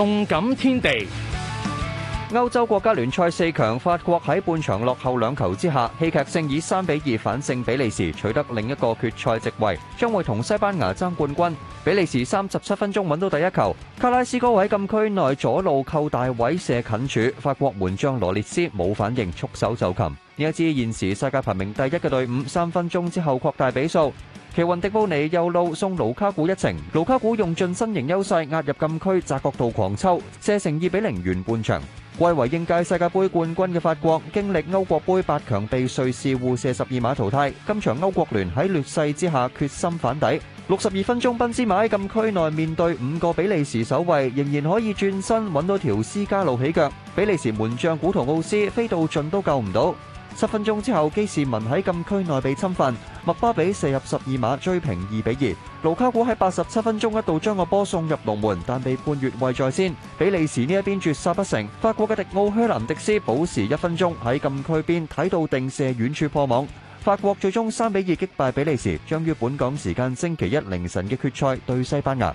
動感天地，歐洲國家聯賽四強，法國喺半場落後兩球之下，戲劇性以三比二反勝比利時，取得另一個決賽席位，將會同西班牙爭冠軍。比利時三十七分鐘揾到第一球，卡拉斯哥喺禁區內左路扣大位射近柱，法國門將羅列斯冇反應，束手就擒。呢一支現時世界排名第一嘅隊伍，三分鐘之後擴大比數。奇雲迪布尼右路送盧卡古一程，盧卡古用盡身形優勢壓入禁區，窄角度狂抽射成2比0完半場。貴為應屆世界杯冠軍嘅法國，經歷歐國杯八強被瑞士互射十二碼淘汰，今場歐國聯喺劣勢之下決心反底。六十二分鐘，賓斯馬喺禁區內面對五個比利時守衛，仍然可以轉身揾到條斯加路起腳，比利時門將古圖奧斯飛到盡都救唔到。七分鐘之後，基士文喺禁區內被侵犯，麥巴比射入十二碼，追平二比二。盧卡古喺八十七分鐘一度將個波送入龍門，但被判越位在先。比利時呢一邊絕殺不成，法國嘅迪奧靴南迪斯補時一分鐘喺禁區邊睇到定射遠處破網。法國最終三比二擊敗比利時，將於本港時間星期一凌晨嘅決賽對西班牙。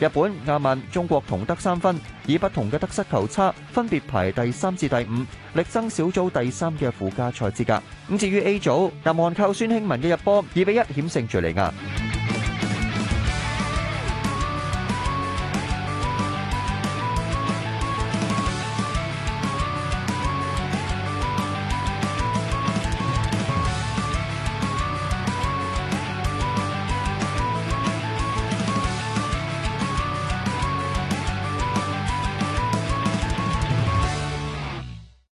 日本、亞曼、中國同得三分，以不同嘅得失球差分別排第三至第五，力爭小組第三嘅附加賽資格。咁至於 A 組，南韓靠孫興文嘅入波，二比一險勝敘利亞。